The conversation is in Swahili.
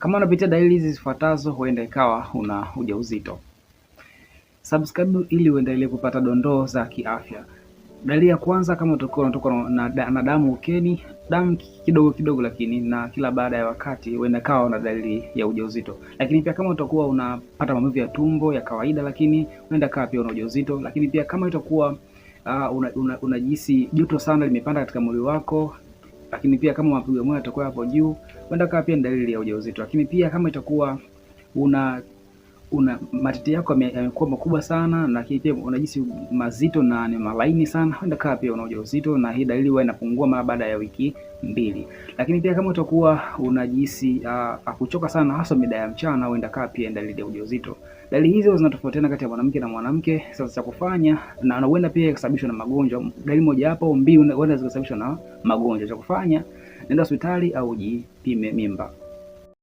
Kama unapitia dalili hizi zifuatazo, huenda ikawa una ujauzito. Subscribe ili uendelee kupata dondoo za kiafya. Dalili ya kwanza, kama utakuwa unatoka na, na, na damu ukeni, damu kidogo kidogo, lakini na kila baada ya wakati, huenda ikawa una dalili ya ujauzito. Lakini pia kama utakuwa unapata maumivu ya tumbo ya kawaida, lakini huenda ikawa pia una ujauzito. Lakini pia kama itakuwa uh, unajisi una, una joto sana limepanda katika mwili wako, lakini pia kama mapigo moyo yatakuwa hapo juu, huenda kawa pia ni dalili ya ujauzito, lakini pia kama itakuwa una una matiti yako yamekuwa makubwa sana, lakini pia unajisi mazito na ni malaini sana, huenda kaa pia una ujauzito, na hii dalili huwa inapungua mara baada ya wiki mbili. Lakini pia kama utakuwa unajisi uh, kuchoka sana hasa mida ya mchana, huenda kaa pia dalili ya ujauzito. Dalili hizo zinatofautiana kati ya mwanamke na mwanamke. Sasa cha kufanya, na huenda pia kusababishwa na magonjwa. Dalili moja hapo mbili huenda zikasababishwa na magonjwa. Cha kufanya, nenda hospitali au jipime mimba.